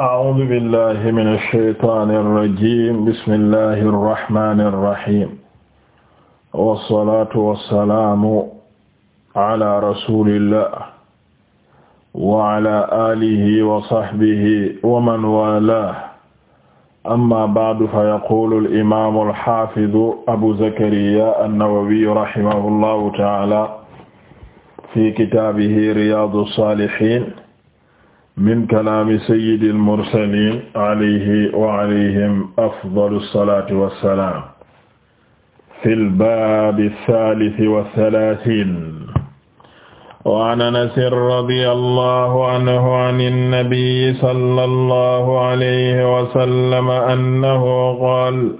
أعوذ بالله من الشيطان الرجيم بسم الله الرحمن الرحيم والصلاة والسلام على رسول الله وعلى آله وصحبه ومن والاه أما بعد فيقول الإمام الحافظ أبو زكريا النووي رحمه الله تعالى في كتابه رياض الصالحين min kalaami sayyidil mursaliin alayhi wa alayhim afdalu salaati wa salaam. fil baabi saalisi wa salaasiin. wa an anasin radiyallahu anhu anin nabiyyi sallallahu alayhi wa sallam annahu qaala.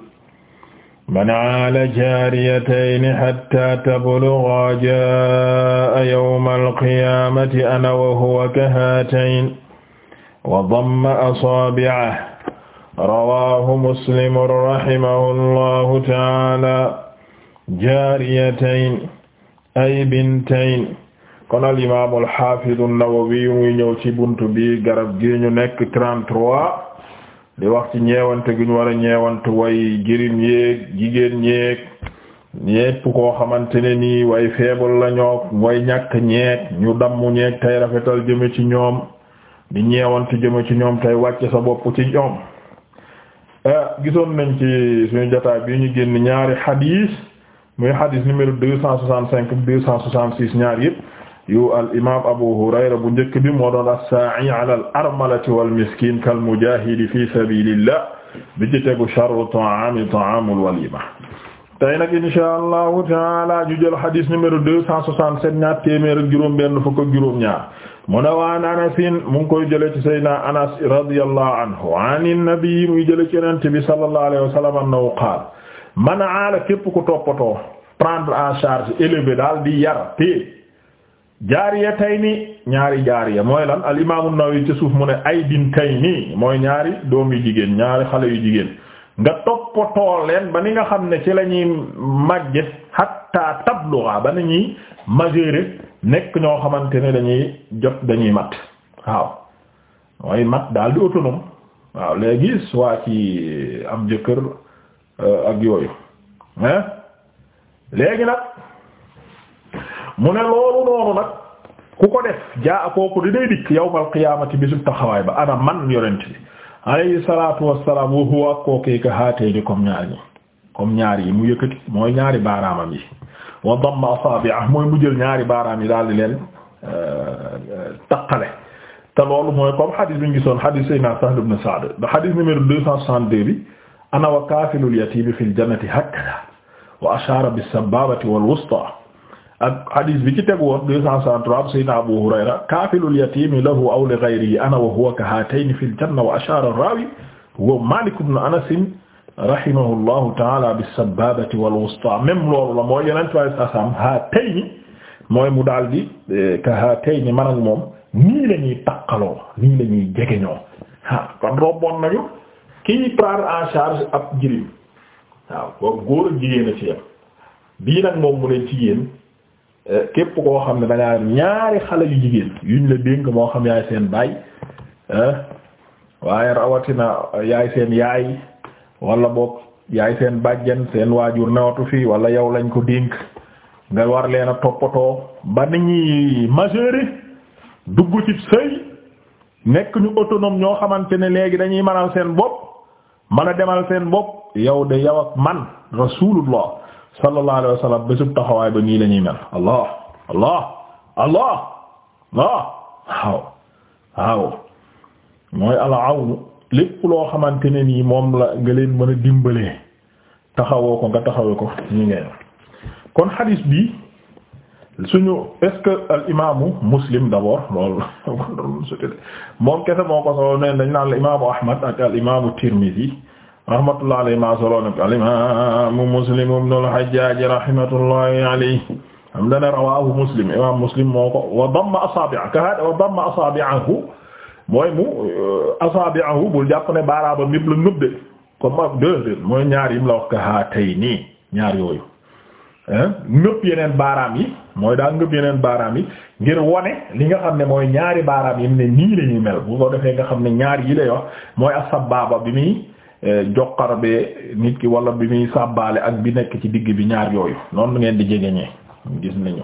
man aala jaariyatayni xatta tabluga jaa'a yawmal qiyaamati ana wa huwa kahaatayn. wa damma asaabi'ahu rawaahu muslimun rahimahullahu ta'aala jaariyatayn ay bintayn kon al imaam al haafiz an-Nawawi muy ñëw ci bunt bi garab gi ñu nekk 33 di wax ci ñeewante gi ñu war a way jirim yéeg jigéen ñéeg ñépp koo xamante ne nii way feebul la ñoo ñu dammu ñeeg tay rafetal jëme ci ñoom di ñeewante jëme ci ñoom tey wàcce sa bopp ci ñoom ah, gisoon nañ ci suñu jotaay bi ñu génn ñaari xadiis muy xadiis numéro deux cent soixante cinq deux cent soixante six ñaar yëpp yu al Abu Hurayra bu njëkk bi moo doon as-saa'i ala al-armalati wal miskiin kal mujaahidi fi sabiilillah bi ci tegu sharru ta'aami ta'aamul waliima tey nag inshaa Allahu ta'aala ñu jël xadiis numéro deux cent soixante sept ñaar téeméer ak juróom benn fukk ak juróom ñaar mu ne waan anasin mu ngi koy jële ci saydna anas radiyallahu anhu anin nabi muy jële ci yonente bi sallallahu alayhi wa sallam qaal man aala képp ku toppatoo prendre en charge élevé daal di yar te jaariya tay ni ñaari jaariya mooy lan al imaamu Nawawi ci suuf mu ne ay din tay nii mooy ñaari doom yu jigéen ñaari xale yu jigéen nga toppatoo leen ba ni nga xam ne ci lañuy ñuy màgge hatta tabluga ba ni ñuy majeure nekk ñoo xamante ne dañuy jot dañuy mat waaw mooy mat daal di autonome waaw léegi soit ci am jëkkër euh, ak yooyu hein léegi nag mu ne loolu noonu nag ku ko def jaa kooku di day dikk yawmal qiyaamati bisub taxawaay ba ana man yonent bi alayhi salaatu wassalaam wa huwa ak kookee ka haatee ni comme ñaar yi comme ñaar yi mu yëkkati mooy ñaari baaraamam yi wa damma asaabi'ah mooy mu jël ñaari baaraam yi daal di leen euh, taqale te loolu mooy comme xadis bi ñu gisoon xadis Seydina Sahl ibn Sa'd xadis numéro deux cent soixante-deux bi ana wa kaafilul yatiimi fil jannati hakadha wa ashaara bis-sabbaabati wal wusta ak xadis bi ci tegu woon deux cent soixante-trois Seydina Abu Hurayra kaafilul yatiimi lahu aw li ghayrihi ana wa huwa ka haatayni fil janna wa ashaara ar-raawi wa Maalik ibn Anas rahimahullahu taala bisababati walwusta même loolu la mooy yeneen tuway sasam ha ni mooy mu daal di eh, ka ha tay ni man ak moom nii la ñuy taqaloo nii la jegeñoo ah kon robboon nañu kii prendre en charge ab jirim waaw boobu góor ak jigéen a ci yem bii nag moom mu ne jigéen eh, képp koo xam ne dangaa ñaari xale yu jigéen yuñ la dénk moo xam yaay seen baay eh, waaye rawatina yaay seen yaay wala boog yaay seen bàjjen seen waajur newatu fii wala yow lañ ko dénk nga war leen a toppatoo ba nit ñi majeure dugg ci sëy nekk ñu autonome ñoo xamante ne léegi dañuy manal seen bopp mën a demal seen bopp yow de yow ak man rasulullah sallallahu alayhi wa sallam bésub taxawaay ba nii lañuy ñuy mel allah allah allah allah waaw mooy al awnu lépp loo xamante ne nii moom la nga leen mën a dimbalee taxawoo ko nga taxawee ko ñi ngeen kon xadiis bi suñu est-ce que al imaamu muslim d'abord loolu moom kese moo ko solo neen dañ naan al imaamu ahmad ak al imaamu tirmidhi rahmatullah ma solo nak al muslim ibn al hajjaj rahmatullahi muslim imam muslim moo ko wa damma asaabi'a ka hada wa damma asaabi'ahu mooy mu euh, asabi'ahu bul jàpp ne baaraabam yëpp la ngëb de comme ak deux mooy ñaar yim la wax ka haa tey nii ñaar yooyu ngëb yeneen baaraam yi mooy daal ngëb yeneen baaraam yi ngir wone li nga xam ne mooy ñaari baaraam yi mu ne nii lañuy mel bu ko defee nga xam ne ñaar yi lay wax mooy as-sababa bi muy euh, joqarbee nit ki wala bi muy sàbbaale ak bi nekk ci digg bi ñaar yooyu noonu ngeen di jegeñee gis nañu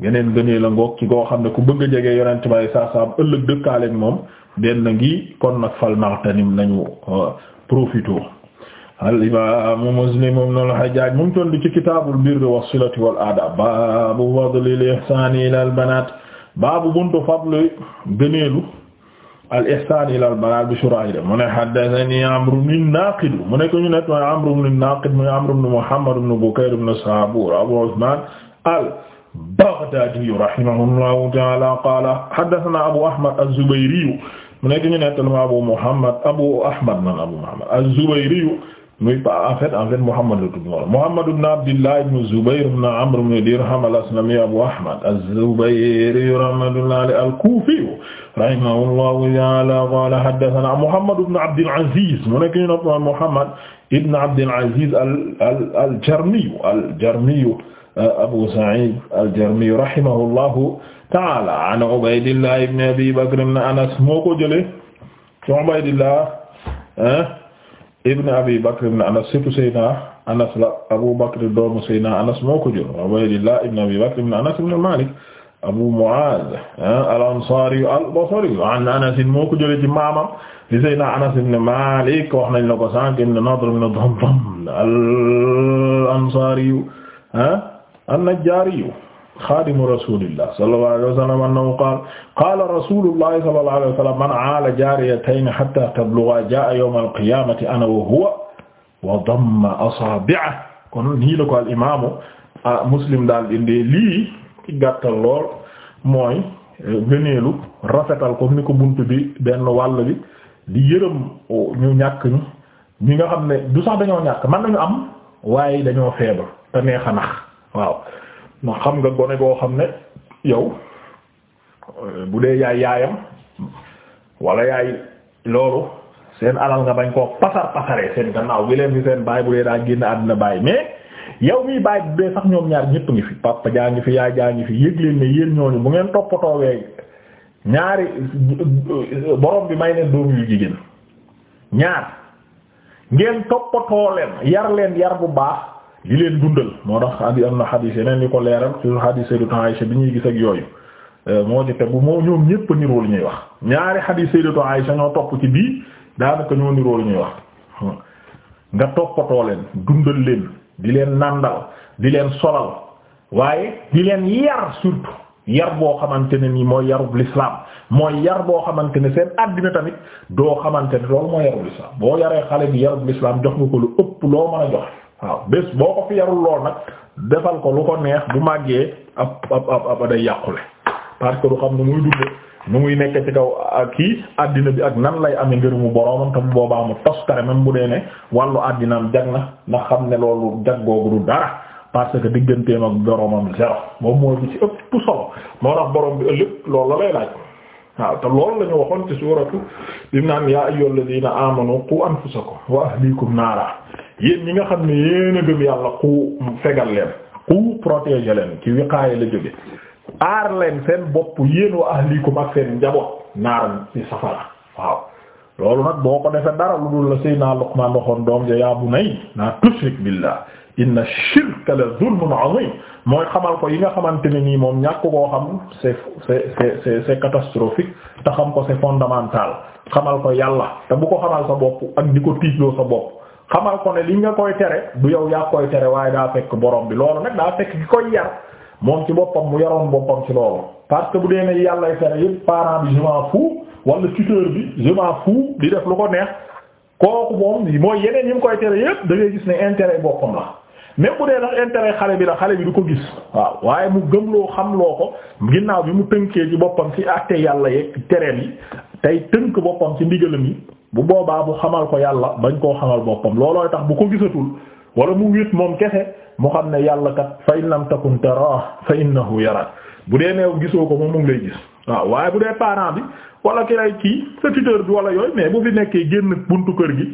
geneen gënee la ngoog ci koo xam ne ku bëgg a jege yonent bay saa saam ëllëg dëkkaaleek moom benn ngi kon nag fal maxtanim nañu euh, profito al imaamu muslim ibn al hajjaaj mu ngi toll di ci kitaabul birri wassilati wal adab baabu fadlil ihsaani ilal banaat baabu buntu fadli gëneelu al ihsaan ilal bi shurahida mu ne haddathanii amru ibn naaqid mu ne ko ñu net mooy amru ibn naaqid mooy amru ibn muhammad ibn bukayr ibn saabuur abu usmaan al Baghdaadiyu rahimahullahu ta'aala qaala haddasanaa Abu Ahmad az-Zubayriyu mu nekk ñu nettali ma Abu Muhammad Abu Ahmad nan Abu Muhammad az-Zubayriyu muy pas en fait en fait Muhammad la tudd wala Muhammad ibn Abdillah ibn Zubayr ibn Amr ibn Dirham al-Aslami Abu Ahmad az-Zubayriyu rahmatullahi alayhi al-Kufiyu rahimahullahu ta'aala qaala haddasanaa Muhammad ibn Abdil Aziz mu nekk ñu nettali Muhammad ibn Abdil Aziz al al al-Jarmiyu al-Jarmiyu Abu Sa'id al-Jarmi rahimahullahu ta'ala an Ubaydillah ibn Abi Bakr ibn Anas moo ko jëlee ci Ubaydillah ibn Abi Bakr ibn Anas surtout Seydina Anas la Abu Bakr doomu Seydina Anas moo ko jël Ubaydillah ibn Abi Bakr ibn Anas ibn Malik Abu Mu'aaz al-Ansaari al-Basri an Anas moo ko jëlee ci maamam di Seydina Anas ibn Malik wax nañ la ko sànq ibn Nadr ibn Damdam al-Ansaari an-Najjaariyu xaadimu rasuulillah sallallahu alayhi wa sallam annahu qaala qaala rasuulullahi sallallahu alayhi wa sallam man aala jaariyatayni hattaa tablughaa jaa'a yawma al-qiyaamati ana wa huwa wa damma asaabi'ahu kon nii la ko al imaamu Muslim daal indi lii ci gàttal lool mooy e, gëneelu rafetal ko ni ko bunt bi benn wàll bi di yërëm ñu ñàkk ñi ñi nga xam ne du sax dañoo ñàkk man nañu am waaye dañoo feebar te neex a nax waaw ma xam nga gone goo xam ne yow eh, bu dee yaay yaayam wala yaay loolu seen alal nga bañ koo pasar pasaree seen gannaaw gi leen fi seen baay bu dee daa génn àddina baay mais yow mi baay bu dee sax ñoom ñaar ñépp ngi fi papa jaa ngi fi yaay jaa ngi fi yëg leen ne yéen ñooñu bu ngeen toppatoowee ñaari borom bi may leen doom yu jigéen ñaar ngeen toppatoo leen yar leen yar bu baax di leen dundal moo tax andi am na xadiis yeneen yu ko leeral ci xadiis Sayyidatu Aïsha bi ñuy gis ak yooyu euh, moo ci tegu moo ñoom ñépp niroo lu ñuy wax ñaari xadiis Sayyidatu Aïsha ñoo topp ci bii daanaka ñoo niroo lu ñuy wax nga toppatoo leen dundal leen di leen nàndal di leen solal waaye di leen yar surtout yar boo xamante ne nii mooy yarub lislaam mooy yar boo xamante ne seen àddina tamit doo xamante ne loolu mooy yarub l'islam boo yaree xale bi yarub lislaam jox nga ko lu waaw bés boo ko fi yarul lool nag defal ko lu ko neex bu màggee ab ab ab ab day yàqule parce que du xam nu muy dundee nu muy nekk ci kaw ah, kii àddina bi ak nan lay amee ngërëmu boroomam te bu boobaa mu toskare même bu dee ne wàllu àddinaam jag na na xam ne loolu jag googu du dara parce que digganteem ak boroomam zéro moom mooy bi ci ëpp solo moo tax boroom bi ëllëg loolu la lay laaj waaw te loolu la ñu waxoon ci suuratu bi mu naan yaa ayyuhalladhina amanu qu anfusakum wa ahlikum naara yéen ñi nga xam ne yéen a gëm yàlla ku fegal leen ku protéger leen ci wiqaaya la jóge aar leen seen bopp yéen wa ahlikum ak seen njaboot naaran ci safara waaw loolu nag boo ko defee dara lu dul la Seydina Luqmaan waxoon doom ja yaa bunay la tushrik billah inna shirka la a azim mooy xamal ko yi nga xamante ne nii moom ñàkk koo xam c'est c'est c'est c'est catastrophique te xam ko c'est fondamental xamal ko yàlla te bu ko xamal sa bopp ak di ko tiitloo sa bopp xamal ko ne li nga koy tere du yow yaa koy tere waaye daa fekk borom bi loolu nag daa fekk ki koy yar moom ci boppam mu yaroon boppam ci loolu parce que bu dee ne yàllay tere yëpp parent bi je m'en fous wala bi je m'en di def lu ko neex kooku moom mooy yeneen yi mu koy tere yëpp da ngay gis ne intérêt boppam la même bu dee nag intérêt xale bi la xale bi du ko gis waaw waaye mu xam loo ko ginnaaw bi mu tënkee ci boppam ci àtte yàlla yeeg tereel tey tënk boppam ci ndigalam yi bu boobaa bu xamal ko yàlla bañ koo xamal boppam loolooy tax bu ko gisatul wala mu wéet moom kese mu xam ne yàlla kat fa in lam takun tara fa innahu yarak bu dee new gisoo ko moom mu ngi lay gis waaw waaye bu dee parent bi wala ki lay kii sa tuteur bi wala yooyu mais bu fi nekkee génn buntu kër gi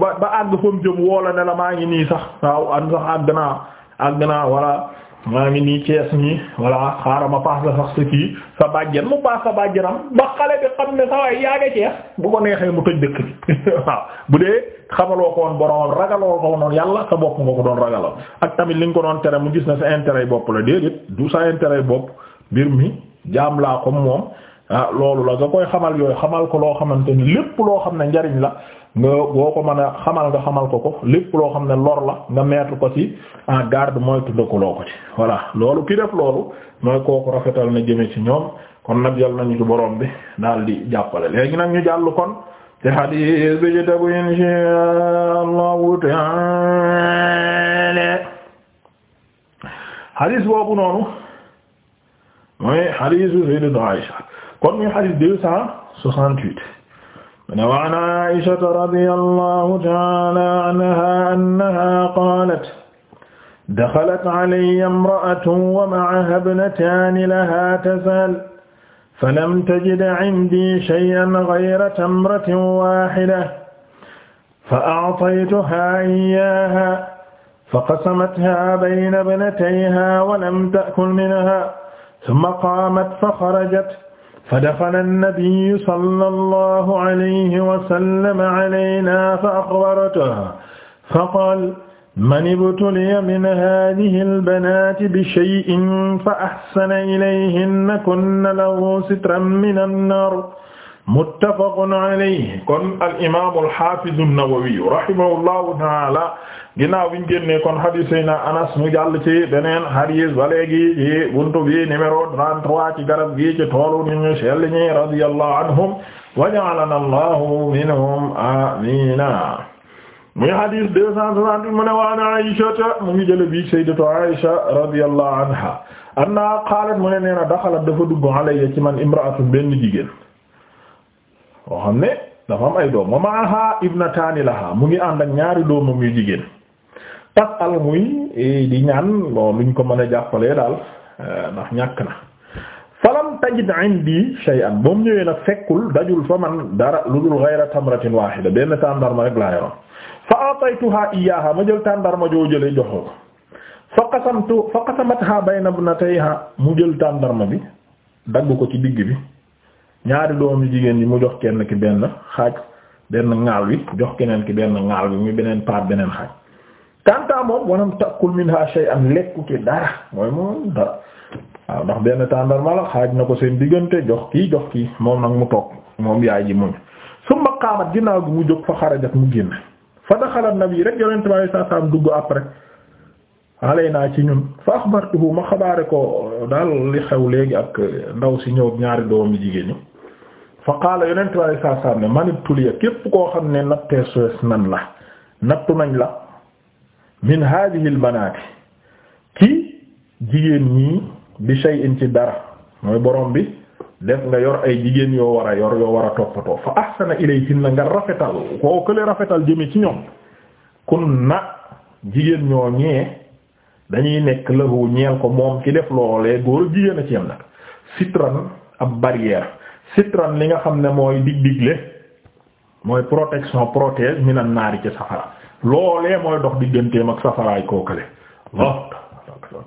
ba ba àgg fa mu jëm woo la ne la maa ngi nii sax waaw an sax àgg naa àgg naa wala maa ngi nii Cees nii voilà xaaral ma paas la sax sa kii sa bàjjen mu paas sa bàjjenam ba xale bi xam ne saa waay yaa ngi Cees bu ko neexee mu toj dëkk bi waaw bu dee xamaloo ko woon borom ragaloo ko woon yàlla sa bopp nga ko doon ragaloo ak tamit li nga ko doon tere mu gis na sa intere bopp la déedéet du sa intérêt bopp mbir mi jaam laa ko moom ah, loolu la nga koy xamal yooyu xamal ko loo xamante ni lépp loo xam ne njariñ la. nga boo ko mën a xamal nga xamal ko ko lépp loo xam ne lor la nga mettre ko ci en garde mooy tudd ko loo ko ci voilà loolu ki def loolu mooy kooku rafetal na jëme ci ñoom kon nag yal nañu ci borom bi daal di jàppale léegi nag ñu jàll kon te hadith bi ci tegu insha allahu taala hadith boobu noonu mooy hadith Sayyidatu kon muy hadith ne wa an aishata radiyallahu ta'ala anha annaha qalat daxalat alayya imra'atun wa ma'aha ibnataani lahaa tasal falam tajid 'indii shay'an ghayra tamratin waahidatin فأعطيتها إياها فقسمتها بين ابنتيها ولم تأكل منها ثم قامت فخرجت fa dafana annabiyu sala allahu alayhi wasallam alayna fa axbarataha fa qaal man ibtuliya min hadihi albanati bishayin fa axsana ilayhinna kunna lahu sitran min annar muttafaqun alayhi kon alimamu alxafidu nnawawiyu rahimahu llahu taala ginnaaw biñ génnee kon hadis sayna Anas mu jàll ci beneen hadis ba léegi ci buntu bi numéro 33 ci garab gi ci toolu nit ñu sell ñi radiyallahu anhum wa ja'alana minhum amina muy hadis mu ne wa an Aisha mu ngi jële bi sayyidatu Aisha radiyallahu anha anna qaalat mu ne nee na dafa dugg alayya ci man imra'atun benn jigéen boo xam ne ay doom wa ma'aha ibnataani laha mu ngi ànd ak ñaari doomam yu jigéen tasal muy eh, di ñaan loo luñ ko mën a jàppalee daal eh, ndax ñàkk na falam tajid indi shay'an moom ñëwee nag fekkul dajul fa man dara lu dul ghayra tamratin wahida benn tàndarma rek laa yoroon fa ataytuha iyyaha ma jël tàndarma joo jëlee joxoo fa qasamtu fa qasamatha bayna ibnatayha mu jël tàndarma bi dagg ko ci digg bi ñaari doomi jigéen yi mu jox kenn ki benn xaaj benn ŋaal wi jox keneen ki benn ŋaal bi mu beneen part beneen xaaj kanta moom walam takul minha shay'an lekku ci dara mooy moom dara waaw ndax benn tàndarma la xaaj na ko seen diggante jox kii jox kii moom nag mu toog moom yaay ji muñ summa qaamat ginnaaw gi mu jóg fa xarajat mu génn fa daxala nabi rek yonent bi saa saam dugg après naa ci ñun fa axbartuhu ma xabaare ko daal li xew léegi ak ndaw si ñëw ñaari doomi jigéen ñi fa qaala yonent bi saa saam ne képp koo xam ne nattees nan la nattu nañ la min hadhihi al banati jigéen ñi bi shay'in ci dara mooy borom bi def nga yor ay jigéen yoo war a yor yoo war a toppatoo fa ahsana ilayhinna nga rafetal koo kële rafetal jëme ci ñoom kun na jigéen ñoo ñee dañuy nekk lahu ñeel ko moom ki def loolee góor jigéen a ci yam nag sitran ab barrière sitran li nga xam ne mooy dig digle mooy protection protège minan naari ci safara loolee mooy dox digganteem ak safaraay kookale Allah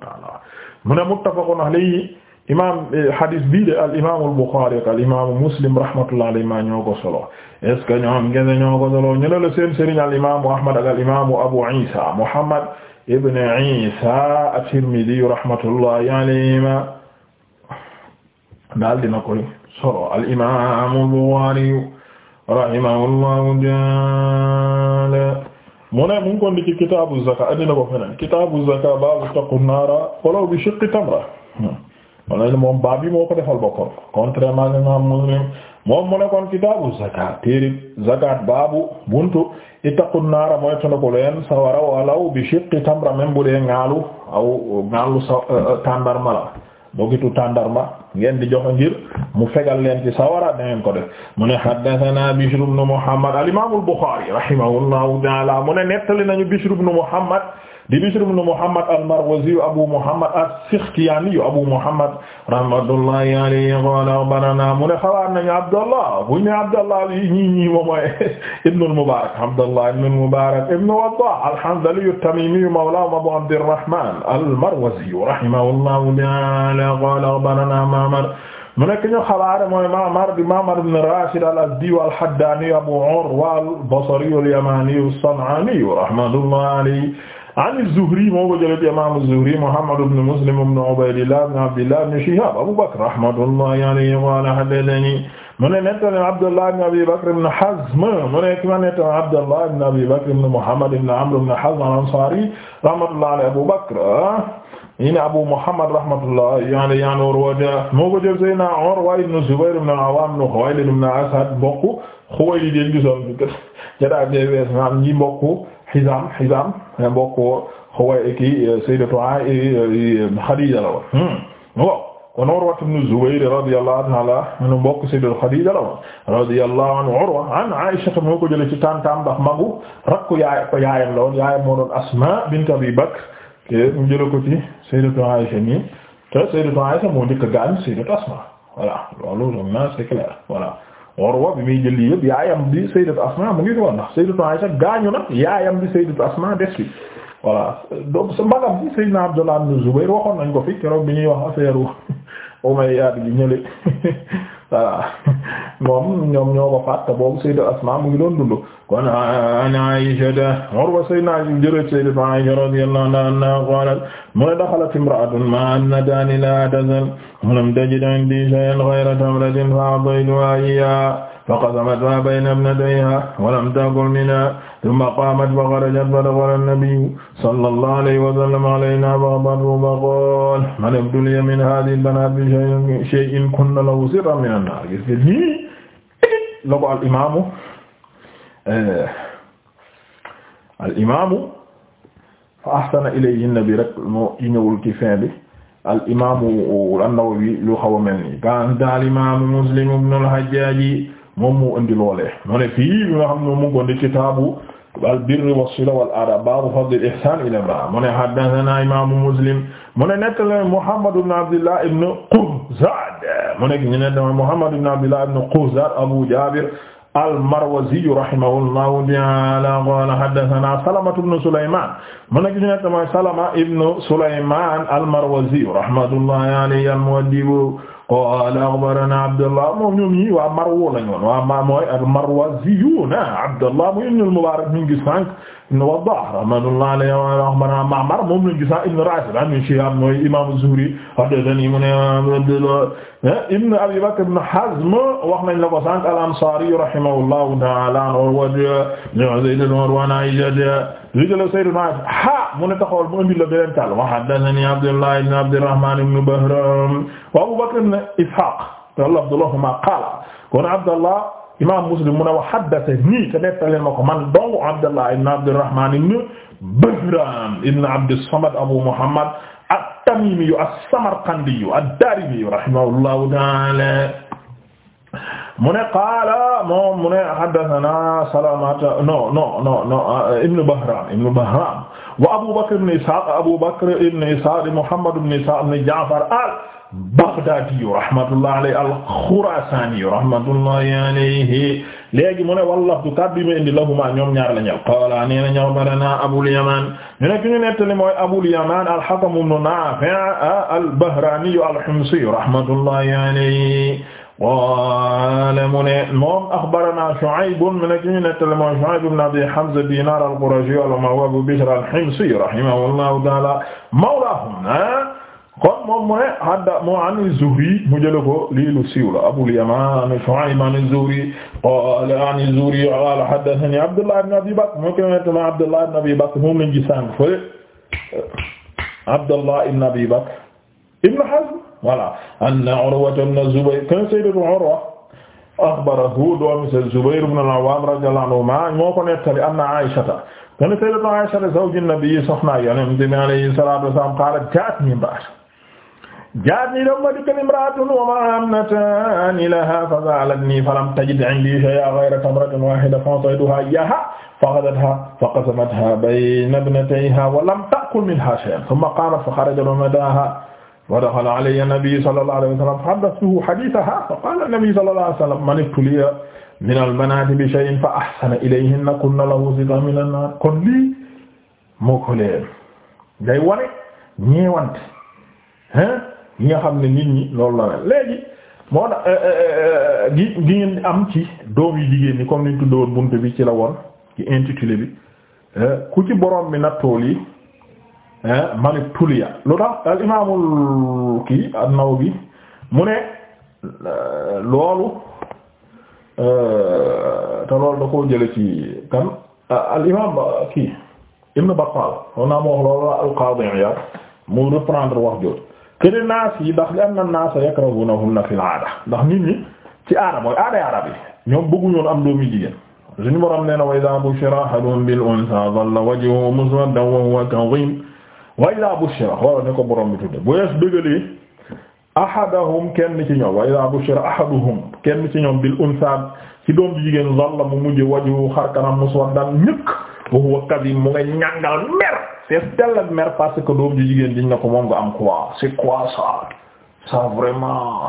taala mu ne muttafaqun alayhi imaam hadis bii de al imaamul Buxaari ak al imaamu Muslim rahmatullahi alayhi ma ñoo ko solo est ce que ñoom gese ñoo ko solo ñu ne la seen sëriñ al imaamu Ahmad ak al imaamu Abu Isa Muhammad ibn Isa at-Tirmidhi rahmatullahi alayhima daal dina koy solo al imaamul Buxaari rahimahullahu ta'ala mu ne mu ngi kon di ci kitaabu zaka andi na ko feneen kitaabu zaka baabu taqu naara walaw bi shiqqi tamra hmm. moom baab bi moo ko defal boppam contrairement imam Muslim moom mu ne kon kitaabu zaka téere zakat baabu buntu ittaqu naara mooy tana ko leen sawara walaw bi shiqqi tamra même bu dee ŋaalu aw ŋaalu sa euh, euh, tàndarma la dogitu tàndarma ngeen di joxe ngir mu fegal leen ci sawara da ngeen ko def mu ne haddathana Bishr ibn Muhammad al-imam al-Bukhari rahimahullahu ta'ala mu ne nettali nañu Bishr ibn Muhammad di Bishr ibn Muhammad al-Marwazi Abu Muhammad as-Sikhtiyani Abu Muhammad rahmatullahi alayhi qala akhbarana mu ne xabaar nañu Abdallah bu ñu Abdallah yi ñii ñii moom mooy ibn al-Mubarak Abdallah ibn al-Mubarak ibn Waddah al-Hanzali at-Tamimi mawla Abu Abdirrahman al-Marwazi rahimahullahu ta'ala qala akhbarana Ma'mar mu nekk ñu xabaare mooy Ma'mar di Ma'mar ibn Rashid al-Azdi al-Haddani Abu Urwa al-Basri al-Yamani as-San'ani rahmatullahi alayhi an az-Zuhri moo ko jëlee ci imaam az-Zuhri Muhammad ibn Muslim ibn Ubaydillah ibn Abdillah ibn Shihab Abu Bakr rahmatullahi alayhi qala haddathani mu ne nettali Abdullah ibn Abi Bakr ibn Hazm mu ne ki ma nettali Abdullah ibn Abi Bakr ibn Muhammad ibn Amr ibn Hazm al-Ansari rahmatullahi alayhi Abu Bakr ñu ah, ne Abu Muhammad rahmatullahi alayhi an Urwa moo ko jël Seydina Urwa ibn Zubayr ibn al-Awwam ibn Khuwaylid ibn Asad mbokk Khuwaylid yi gisoon ci daal di wees ñi mbokk Hizaam Hizaam mbokk Xuway ki sayyidatu Xadiija la woon hmm. waaw kon Urwa ibn Zubayr radiyallahu ta'ala anhu mbokk sayyidatu Xadiija la woon radiyallahu anhu Urwa an Aisha moo ko jëlee ci tantam ndax magu rakku yaay ko yaayam la woon yaayam moo doon Asmaa bint Abi Bakr mu jëlee ko ci sayyidatu Aisha nii te sayyidatu Aisha moo njëkk a gaañ sayyidatu Asmaa voilà loolu c'est clair voilà Urwa bi muy jël yëpp yaayam di sayyidatu Asma mu ngi doon ndax sayyidatu Aisha gaañu na yaayam di sayyidatu Asma des fi voilà si sa mbagam bi sayyidna Abdullah ibn Zubayr waxoon nañ ko fi keroog bi ñuy wax affaire Umayyad gi ñële voilà moom ñoom ñoo ko faat te boobu Sayyidu Asma mu ngi doon dund kon an Aisha Urwa sayyidina jërëjëf Sayyidatu Aisha radiyallahu anha qalat mu ne dakhalat imra'atun ma'a hamdaani la tazal lam tajid 'indi shay'an ghayra tamratin fa'ataytuha iyyaha faqasamatha bayna ibnatayha wa lam ta'kul minha summa qaamat fa xarajat fa daxala an-nabiyyu sallallahu alayhi wa sallam alayna faqabartu fa qaala man ibtuliya min haadhihi al-banaat bi shay'in kunna lahu sirran mina an-naar gis nga nii la ko al imaamu eh, al imaamu fa ahsana ilayhi an-nabi rek moo ñëwul ci fin bi al imaamu an-Nawawi lu xaw a mel nii kan daal imaamu Muslim ibn al-Hajjaaj moom moo indi loolee mu ne fii bi nga xam ne moom mu ngi ko indi kitaabu wal birri wassila wal adab baabu fadlil ihsaan ilal maa mu ne haddasanaa imaamu muslim mu ne nettali Muhammad ibn Abdillah ibn Quzad mu ne ñu ne dama Muhammad ibn Abdillah ibn Quzad Abu Jaabir al-Marwazi rahimahullahu ta'aala qaala haddasanaa Salama ibn Sulaymaan mu ne ñu ne dama Salama ibn Sulaymaan al-Marwazi rahmatullahi alayhi al-Mu'addibu qaala axbarana Abdullah moom ñoom ñi waa Marwa lañu woon waa ma mooy al-Marwaziyuun Abdullah mu ibn al-Mubaarak ñu ngi sànq ibn Waddaah rahmatullahi alayhi wa axbarana Ma'mar moom lañu gisaa ibn Raashid an Shihaab mooy imaam Zuhri haddathanii mu ne Abdullah eh, ibn Abi Bakr ibn Hazm wax nañ la ko sànq al-Ansaari rahimahullahu ta'aala ñu jël sayyiduna ha mu ne taxawal mu indi la beneen tàll wa haddathani Abdullah ibn Abdurrahman ibn Bahram wa Abu Bakr ibn Ishaq qala Abdullah qala kon Abdullah imam Muslim mu ne wa haddathani te nettali ma ko man dong Abdullah ibn Abdurrahman ibn Bahram ibn Abd as-Samad Abu Muhammad at-Tamimi as-Samarqandi ad-Darimi rahimahullahu ta'ala mu ne qaala moom mu ne haddathana Salamata non non non non Ibn Bahram Ibn Bahram wa Abu Bakr ibn Ishaq Abu Bakr ibn Ishaq Muhammad ibn Ishaq ibn Ja'far al-Baghdadi rahmatullahi alayhi al-Khurasani rahmatullahi alayhi léegi mu ne wallaf du kaddu yi ma indi lahuma ñoom ñaar la ñel qaala nee na ñow barana Abul Yaman ñu ne ki ñu nettali mooy Abul Yaman al-Hakam ibn Nafi' al-Bahrani al-Himsi rahmatullahi alayhi qaala mu ne moom axbaranaa Shuayb mu ne ki ñu nettali mooy Shuayb ibn Abi Hamza Diinaar al-Qurashi al-Ammawi Abu Bishr al-Himsi rahimahullahu ta'aala mawlaahum kon moom mu ne hadda moo an Zuhri mu jële ko liilu siiw la Abul Yamaan Shuayb an Zuhri qaala an Zuhri qaala haddathanii Abdullah ibn Abi Bakr mu ko nettali Abdullah ibn Abi Bakr moom lañ gi sànq fële Abdullah ibn Abi Bakr Ibn Hazm voilà anna Urwa ibn Zubayr kan sayyidatu Urwa akhbarahu doomi sa Zubayr ibn al-Awwam radiyallahu anhuma moo ko nettali anna Aysata kan sayyidatu Aysata zawju nabi soxna Yonent bi alayhi salaatu wa salaam qaalat jaa'atni imra'atun jaa'atni lamma dikkal imra'atun wa ma'ahaa ibnataani lahaa faza'alatnii falam tajid 'indii shay'an ghayra tamratin waahidatin fa'ataytuhaa iyaahaa فأخذتها فقسمتها بين ابنتيها ولم تأكل منها شيئا ثم قامت فخرجت ومداها wa daxala alayya nabi sallallahu alayhi wa sallam haddathtuhu hadithaha fa qala nabi sallallahu alayhi wa sallam man ibtuliya min al-banati bi shay'in fa ahsana ilayhinna kunna lahu sitran min an-nar kon lii moo ko leen day wane ñeewante hein yi nga xam ne nit ñi loolu la mel léegi moo tax euh, euh, euh, gi gi ngeen am ci doom yu jigéen ñi comme ni ñu tuddoon bunt bi ci la woon ci intitulé bi ku ci borom bi nattool yi manit tuliya lu tax al imaamul kii an-Nawawi mu ne euh, loolu euh, te loolu da koo jële ci kan euh, al imaam kii Ibn Battal on naa moo wax loolu al-Qaadi Iyaad mu reprendre wax jooju kene naas yi ndax li am na naasa yakrahunahunna fil aada ndax nit ñi ci aada mooy aaday arab yi ñoom bëgguñoon am doomi jigéen suñu borom nee na wa idhaa bushira ahadun bil unsaa dhalla wajhuhu muswaddan wa huwa kadhiim wa idaa bushira xoolal ni ko borom bi tudde bu yees bëggalee ahadahum kenn ci ñoom wa idaa bushira ahaduhum kenn ci ñoom bil unsa ci doom ji jigéen zalla mu mujj waju xar kanam muswaddan ñëkk wa huwa kadhim mu nga ñàngal mer c'est tel ak mer parce que doom ji jigéen diñ na ko moom nga am quoi c'est quoi ça ça vraiment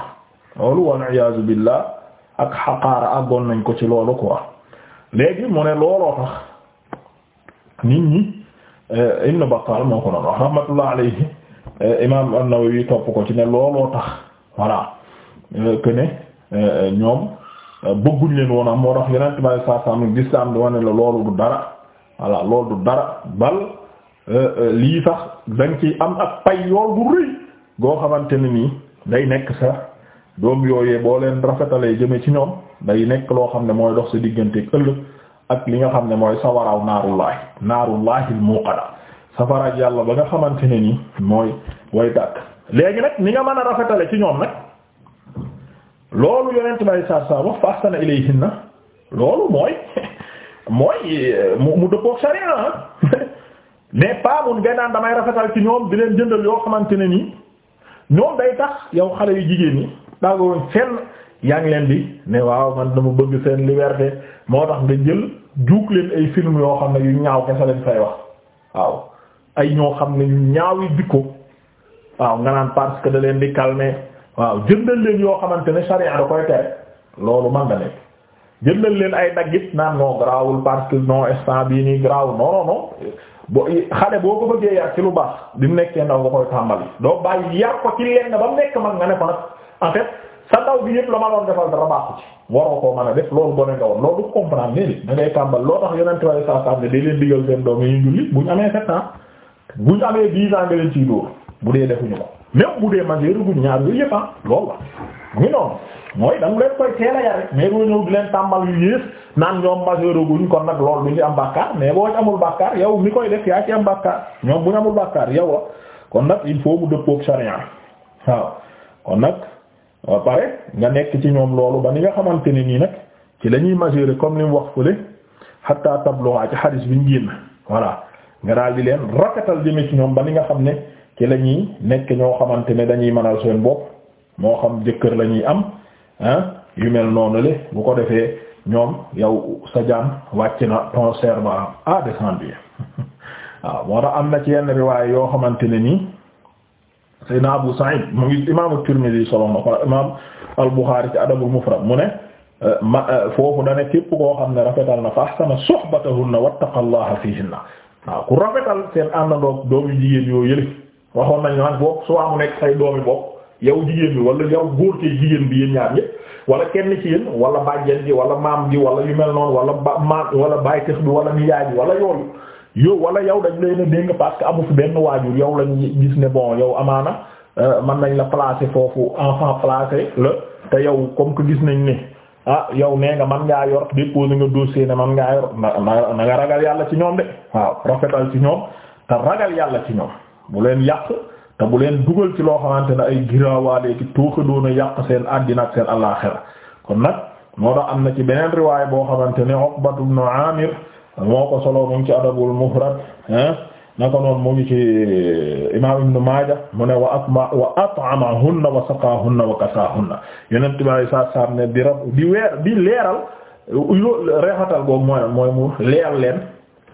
loolu wal iyaazu billah ak xaqaara àggoon nañ ko ci loolu quoi léegi mu ne looloo tax nit ñi Eh, Ibn Battal moo ko doon wax rahmatullah alayhi eh, imaam an-Nawawi topp ko ci ne looloo tax voilà eh, que ñoom bëgguñ leen woon am moo tax yeneen tubaab yi saa saa mu gis am di wane la loolu du dara voilà lool du dara bal lii tax dañ ci am ak pay yool bu rëy goo xamante ne nii day nekk sa doom yooyee boo leen rafetalee jëme ci ñoom day nekk loo xam ne mooy dox sa digganteeg ëllëg. ak li nga xam ne mooy sawaraw naarullahi naarullahi al-muqada safara yàlla ba nga xamante ne nii mooy way dàkk léegi nag ni nga mën a rafetale ci ñoom nag loolu yonent bay saa saa wax fa ahsana ilayhinna loolu mooy mooy mu dëppook sharia ah. mais pas mun ngay damay rafetal ci ñoom di leen jëndal yoo xamante ne nii ñoom day tax yow xale yu jigéen ñi daa ko fenn yaa ngi leen di ne waaw man dama bëgg seen liberté moo tax nga jël juuk leen ay film yoo xam ne yu ñaaw kese lañ fay wax waaw ay ñoo xam ne ñu ñaawi dikko waaw nga naan parce que da leen di calmer waaw jëndal leen yoo xamante ne charia da koy tere loolu man da nekk jëndal leen ay daggit naan non grawul parce que non instant bii nii grawul non non xale boo ko bëggee yar ci lu baax di mu nekkee ndaw nga koy tàmbal doo bàyyi yar ko ci leen ba mu nekk mag nga ne ko nag en sa ndaw bi yëpp la ma doon defal dara baaxu ci waroo a def loolu gone nga woon loolu du comprendre léegi da ngay tàmbal loo tax yonent waaye saa saa ne day leen digal seen doom yi ñu julli bu ñu amee sept ans bu ñu amee dix ans nga bu dee defuñu ko bu dee majeur ñaar yooyu yëpp ah loolu la mu ngi noonu mooy da nga leen koy teel a yar rek mais doo ñëw di leen tàmbal yu yées naan ñoom majeur guñ kon nag loolu duñ ci am bàkkaar mais boo ci amul bàkkaar yow mi koy def yaa ci am bàkkaar ñoom bu ñu amul ah. kon nag il faut mu dëppook charia waaw ba pare nga nekk ci ñoom loolu ba ni nga xamante ni nii nag ci la ñuy mesurer comme li mu wax fële hatta tabluwa ci xadis bi ñu génn voilà nga daal di leen rafetal jëme ci ñoom ba ni nga xam ne ci la ñuy nekk ñoo xamante ne dañuy mënal seen bopp moo xam jëkkër lañuy am ah yu mel noonu le bu ko defee ñoom yow sa jaam wàcc na ton serment a descendu waaw moo tax am na ci yenn riwaay yoo xamante ne nii. Seydina Abu Sa'id mu ngi imaamu Tirmidhi solo na ko imaam al-Bukhari ci Adabul Mufrad mu ne eh, ma eh, foofu da ne képp koo xam ne rafetal na fa ahsana suhbatahunna wattaqallaha fihinna waaw ku rafetal seen àndandoo doomu jigéen yoo yële waxoon nañ nag boo soo amu nekk say doomi bopp yow jigéen bi wala yow góor ci jigéen bi yéen ñaar ñépp wala kenn ci yéen wala bàjjen bi wala maam gi wala yu mel noonu wala ba maam wala baay tax bi wala nijaay bi wala yooyu yow wala yow dañ lay ne dégg parce que amu fi benn waajur yow lañ gis ne bon yow amaana euh, man nañ la placer foofu enfant placé la te yow comme que gis nañ ne ah yow nee nga man ngaa yor de déposer nga dossier ne man ngaa yor na na nga ragal yàlla ci ñoom de waaw rafetal ci ñoom te ragal yàlla ci ñoom bu leen yàq te bu leen dugal ci loo xamante ne ay giraawaale ki tooke doon a yàq seen àddina ak seen àllaaxira kon nag moo tax am na ci beneen riwaay boo xamante ne Uqbatu ibn Amir moo ko solo mu ngi ci adabul mufrad ko noonu mu ngi ci eh, imaam ibnu maaja mu ne wa atma wa at'amahunna wa saqaahunna wa kasaahunna yonent bi alayhi salaatu salaam ne di rab bi weer di leeral reexatal googu mooy mooy mu leeral leen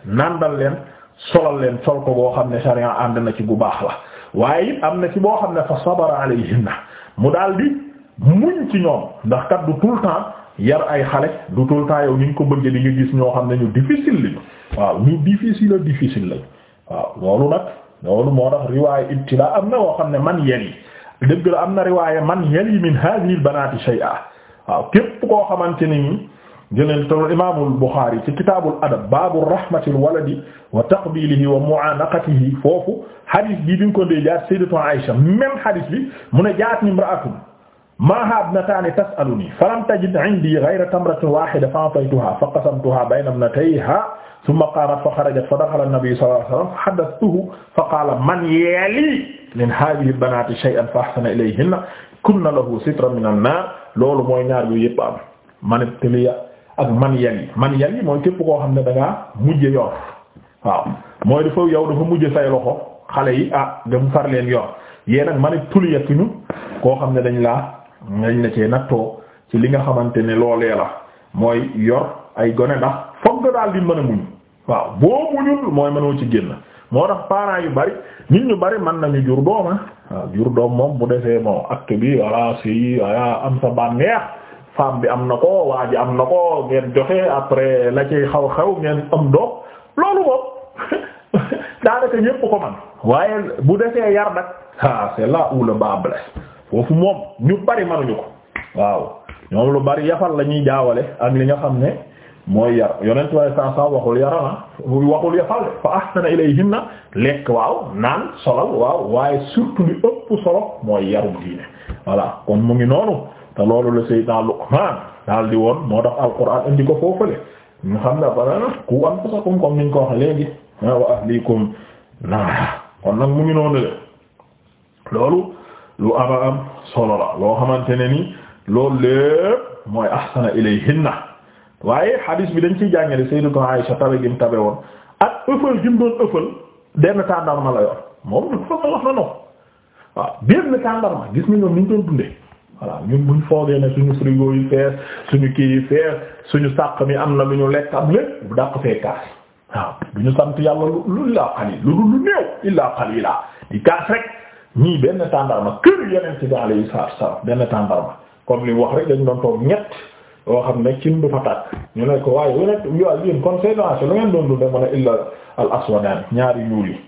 nandal leen solal leen sol goo xam ne sharia ànd na ci bu baax la waaye it am na ci boo xam ne fa sabara alayhinna mu daal di muñ ci ñoom ndax kat du temps yar ay xale du tout le temps yow ni ñu ko bëggee di nga gis ñoo xam ne ñu difficile lañu waaw ñu difficile difficile lañu waaw loolu nag loolu moo tax riwaaya ibtila am na woo xam ne man yeli dëgg la am na riwaaya man yeli min hadhihi al-banati shay'a waaw képp koo xamante ne ni jëleen tol imaamul Buxaari ci kitaabul adab baabu rahmatil waladi wa taqbilihi wa mu'anaqatihi foofu hadith bi bi nga ko ndee jaar sayyidatu Aisha même hadith bi mu ne jaat ni imra'atun maaha ibnataani tas'aluni falam tajid indi ghayra tamratin waahida fa'ataytuha faqasamtuha bayna ibnatayha thumma qaamat fa kharajat fa dakhala an-nabi sallallahu alayhi wa sallam haddathtuhu fa qaala man yali min hadhihi al-banati shay'an fa ahsana ilayhinna kunna lahu sitran min an-naar loolu mooy ñaar yu yëpp am man ibtaliya ak man yali man yali mooy képp koo xam ne da ngaa mujj yor waaw mooy dafa yow dafa mujj say loxo xale yi ah dem far leen yor yéen ak man ibtaliya koo xam ne dañ laa ngañ na cee nattoo ci li nga xamante ne loolee la mooy yor ay gone ndax foog nga daal di mën a muñ waaw boo muñul mooy mënoo ci génn moo tax parents yu bari nit ñu bari mën nañu jur doom ah. waaw jur doom moom bu defee moom acte bi walla si walla am sa bànneex femme bi am na ko waa am na ko ngeen joxe après la ciy xaw xew ngeen am doom loolu moom daanaka ñépp ko man waaye bu defee yar nag ah c'est là où le bât blesse foofu moom ñu bari manuñu ko waaw ñoom lu bari yafal la ñuy jaawale ak li nga xam ne mooy yar yonent waaye saa saa waxul yarana waxul yafal fa ahsana ilayhinna lekk waaw naan solal waaw waaye surtout li ëpp solo mooy yarum diine voilà kon mu ngi noonu te loolu la sayyidna Luqman daal di woon moo tax alquran indi ko foofule ñu xam ne ba ku anfusakum comme niñ ko wax léegi wa ahlikum naa kon nag mu ngi noonu le loolu lu ama am solo la loo xamante ne ni loolu lépp mooy ahsana ilayhinna waaye hadith bi dañ ciy jàngale sayyidatu Aisha tabe gi mu tabe woon ak ëffal gi mu doon ëffal benn tàndarma la yor moom du ko na noonu waaw benn tàndarma gis nga ñoom ni doon dundee voilà ñun buñ foogee ne suñu frigo yi fees suñu kii yi fees suñu sàq mi am na lu ñu lekk am lépp bu dàq fee kaas waaw du ñu sant yàlla lu lu illaa qalil lu dul lu néew illaa qalila di kaas rek. ñii benn tàndarma kër yonent bi benn tàndarma comme li wax rek dañ doon toog ñett yoo xam ne cin du fa ñu ne ko waaye yonent yooyu yéen kon a illa al aswadaan ñaari ñuul yi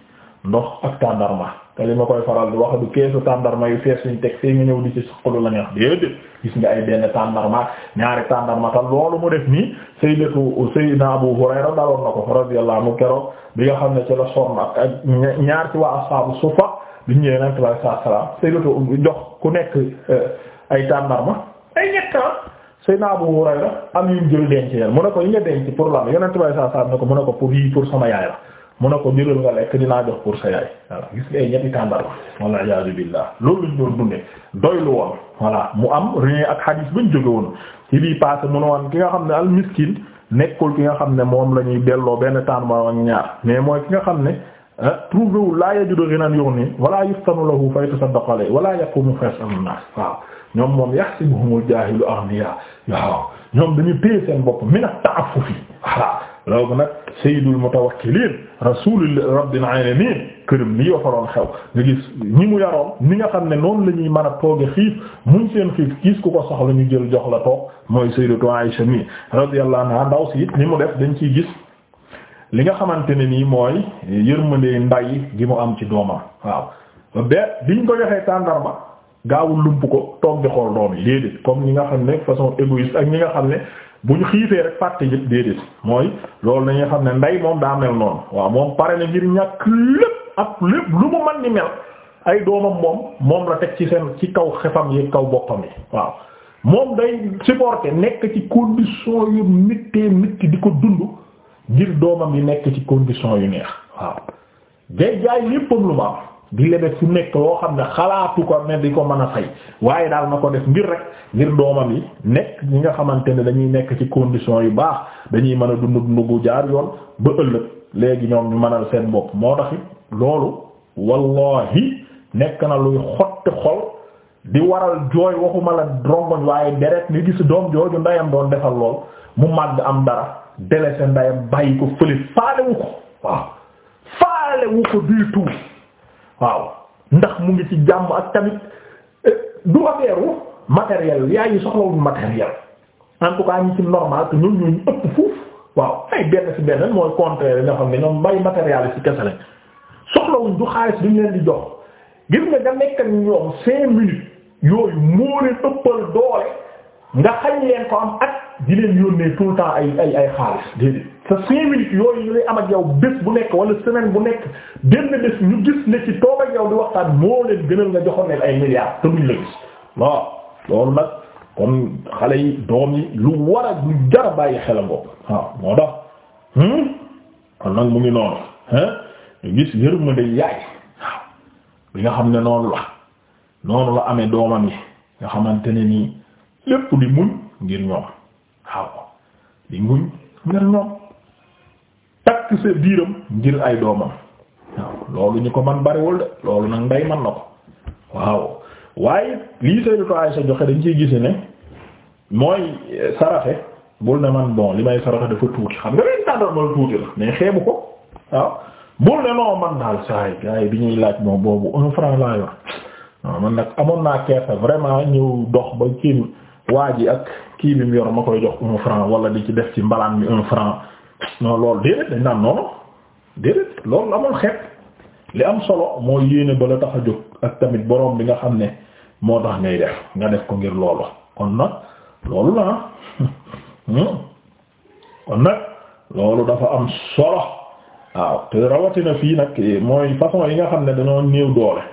ndox ak tàndarma te li ma koy faral di wax du keesu tàndarma yu fees ñu teg fee ñu ñëw di ci suqalu la neex déedéet gis nga ay benn tàndarma ñaari tàndarma te loolu mu def nii sayyidatu sayyidina Abu Hurayra daloon na ko radiyallahu anhu keroog bi nga xam ne ci la sonn ak ñaar ci waa ashaabu suffa bi ñëwee nag tubaab saa salaam Sayyidatu jox ku nekk euh, ay tàndarma ay ñett ah, Sayyidina Abu Hurayra am yu ñu jël denc leen mu ne ko yi nga denc pour lan yonent ko mu ne ko pour yii pour sama yaay la mu ne ko jëlal nga lekk dinaa jox pour sa yaay voilà gis nga ay ñetti tàndarma walla iyaazu billaah loolu lañ doon dundee doylu woon voilà mu am rien ak xadiis buñ jóge woon ci bii passé mu ne woon ki nga xam ne al miskin nekkul ki nga xam ne moom la ñuy delloo benn tàndarma ak ñaar mais mooy ki nga xam ne trouvé wu laa yajudu ghinan yughni wala yuftanu lahu fa yatasaddaqu alayhi wala yaqumu fa yas'alu an-nas waaw ñoom moom yahsibuhumul jaahilu aghniya waaw ñoom dañu téye seen bopp min at-ta'affufi voilà loolu nag sayyidul mutawakkilin rasulil rabbil alamin këram lii wafaroon xew nga gis ñi mu yaroon ni nga xam ne noonu la ñuy mën a tooge xiif muñ seen xiif gis ku ko soxla ñu jël jox la toog mooy sayyidatu Aisha mi radiyallahu anha ndaw si it li mu def dañ ci gis li nga xamante ne nii mooy yërmande nday gi mu am ci doomam waaw be biñ ko joxee tàndarma gaawul lump ko toog di xool doom yi déedéet comme ñi nga xam ne façon égoïste ak ñi nga xam ne bu ñu xiifee rek fàtte yëpp déedéet mooy loolu dañuy xam ne nday moom daa mel noonu waaw moom pare na ngir ñàkk lépp ak lépp lu mu man di mel ay doomam moom moom la teg ci seen ci kaw xefam yi kaw boppam yi waaw moom day supporter nekk ci condition yu mittee mitti di ko dund ngir doomam yi nekk ci condition yu neex waaw day jaay léppam lu ma am di lebet fu nekk woo xam ne xalaatu ko ne di ko mën a fay waaye daal na ko def ngir rek ngir doomam yi nekk ñi nga xamante ne dañuy nekk ci condition yu baax dañuy mën a dund dund bu jaar yoon ba ëllëg léegi ñoom ñu mënal seen bopp moo taxit loolu wallahi nekk na luy xotti xol di waral jooy waxuma la rongoñ waaye deret ni gis doom jooju ndeyam doon defal lool mu màgg am dara délaissé ndayam bàyyi ko fële faalewu ko waaw faalewu ko du tout waaw ndax mu ngi ci jàmm ak tamit eh, du affaire matériel yaay yi soxlawul matériel en tout cas ñi ci normal te ñoom ñooñu ëpp fuuf waaw ay benn ci benn mooy contraire yi nga xam ne ñoom bay matériel ci kese lañ soxlawuñ du xaalis duñ leen di jox gis nga da nekk ñoom cinq minutes yooyu moo leen ëppal doole nga xañ leen ko am ak di leen yónnee tout le temps ay ay ay xaalis déedéet sa cinq yooyu ñuy am ak yow bés bu nekk wala semaine bu nekk benn bés ñu gis ne ci toog ak yow di waxtaan moo leen gënal nga joxoon leen ay milliards te duñ la gis loolu nag kon xale yi doom yi lu war a lu bàyyi xelangoo waaw ah, moo tax hmm? kon nag mu ngi noonu hein gis yërmande yaay waaw ah, nga xam ne noonu la noonu la amee doomam yi nga xamante ne nii lépp di muñ ngir ñoom waaw di muñ ngir ñoom takk sa biiram ngir ay doomam waaw loolu ñu ko man bariwul de loolu nag ndey man na ko waaw waaye lii Sayyidatu Aysa joxe dañ ciy gis ne mooy saraxe bul ne man bon li may saraxe dafa tuuti xam nga leen tàndal tuuti la mais xeebu ko waaw bul ne non man daal saa yi bi ñuy laaj moom boobu un franc laa yor man nag amoon naa kersa vraiment ñëw dox ba kii waa ji ak kii bi mu yor ma koy jox un franc wala di ci def ci mbalaan mi un franc non loolu déedéet dañ naan noonu déedéet loolu amul xeet li am solo moo yéene ba la tax a jóg ak tamit boroom bi nga xam ne moo tax ngay def nga def ko ngir loolu kon nag loolu la ah. kon nag loolu dafa am solo waaw te rawatina fii nag mooy façon yi nga xam ne dañoo néew doole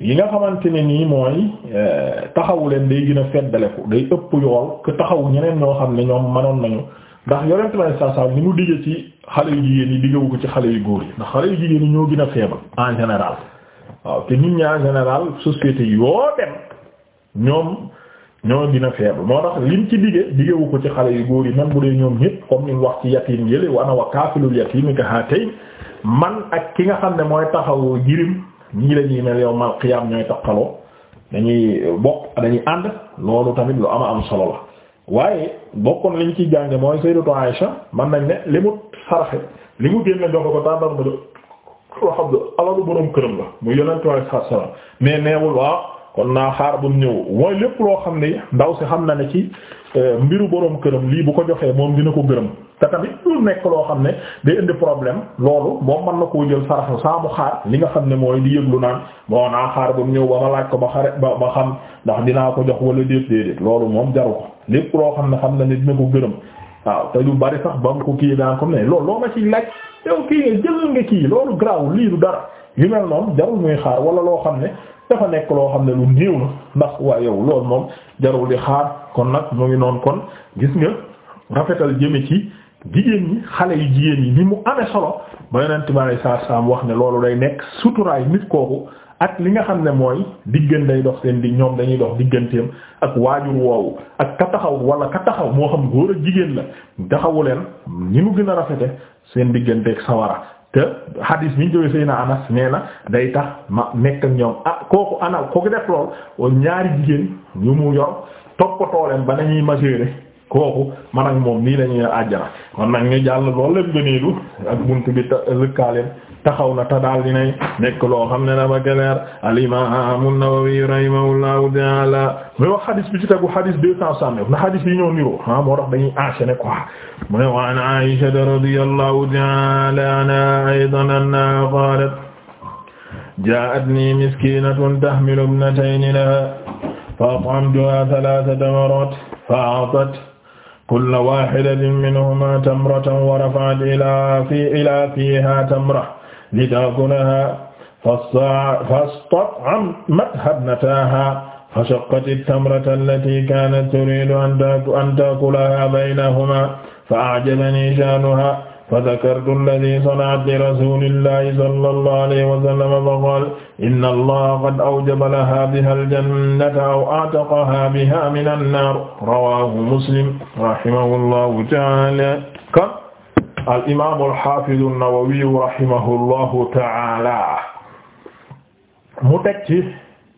yi nga xamante ne nii mooy euh, taxawu leen day gën a feddaleku day ëpp yool que taxawu ñeneen ñoo xam ne ñoom manoon nañu ndax yonent may saa saa ni mu digge ci xale yu jigéen yi diggewu ko ci xale yu góor yi ndax xale yu jigéen yi ñoo gën a faible en général waaw te nit ñi en général société yoo dem ñoom ñoo gën a faible moo tax lim ci digge diggewu ko ci xale yu góor yi même bu dee ñoom ñépp comme ni wax ci yatim yële wa ana wa kaafilul yatiimi ka haatayn man ak ki nga xam ne ñii la ñuy mel yow mal xiyaam ñooy taqaloo dañuy bokk dañuy ànd loolu tamit lu ama am solo la waaye bokkoon liñ ciy jànge mooy sayyidatu Aisha man nañ ne li mu sarxe li mu génn joxe ko tàndar ma jox alhamdulillah alalu boroom këram la mu yonentu alayhi salaam mais neewul waaw kon naa xaar ba mu ñëw mooy lépp loo xam ne ndaw si xam na ne ci euh, mbiru boroom këram lii bu ko joxee moom dina ko gërëm te tamit lu nekk loo xam ne day problème loolu moom mën na koo jël sarax saa mu li nga xam ne mooy di yëglu naan naa xaar ñëw ba laaj ko ba xare ba xam ndax dinaa ko jox wala déet déedéet loolu moom jaru ko lépp loo xam ne xam na ne dina ko gërëm waaw te lu bari sax ba mu ko kii daan ko ne loolu ma ciy laaj yow kii nga jëlal nga kii loolu graw lii du dara yu mel noonu jarul muy xaar wala loo xam ne dafa nekk loo xam ne lu néew na ndax waa yow loolu moom jarul di xaar kon nag mu ngi noonu kon gis nga rafetal jëme ci jigéen ñi xale yi jigéen ñi ni mu amee solo ba yonent bi saa saa wax ne loolu day nekk suturaay nit kooku ak li nga xam ne mooy diggante day dox seen di ñoom dañuy dox digganteem ak waajur woowu ak ka taxaw wala ka taxaw moo xam góor ak jigéen la taxawu leen ni mu gën a rafete seen digganteeg sawara te hadis bi ñu jógee Seydina Anas nee na day tax ma nekk ak ñoom ah kooku ana kooku def lool ñaari jigéen ñu mu yor ko leen ba nañuy majeure kooku man ak moom nii lañuy àjjana kon nag ñu jàll loolu lépp gëneelu ak buntu bi lëkkaaleen taxaw na ta daal di nay nekk loo xam ne dafa gëleer al imam an-Nawawi rahimahullahu ta'ala muy wax xadis bi ci tegu xadis deux cent soixante-neuf na xadis yi ñoo niroo ah moo tax dañuy enchaîner quoi mu ne wa an Aisha radiyallahu ta'ala anha aydan anna qalat ja'atni miskinatun tahmilu ibnatayni laha fa at'amtuha thalathata marrat fa a'tat kulla waahidatin minhumaa tamratan wa rafa'at ilaa fiihaa tamratan litakulahaa fastat'amathaa ibnataahaa fashaqqati at-tamrata allatii kaanat turiidu an taakulahaa baynahumaa fa a'jabanii sha'nuhaa fa dakartu alladi sana'at li rasulillahi sallallahu alayhi wa sallam fa qaal inna allaha qad awjaba laha biha aljannata aw a'taqaha biha min annaar rawahu muslim rahimahullahu ta'ala kon al imaam al haafiz an-nawawi rahimahullahu ta'ala mu teg ci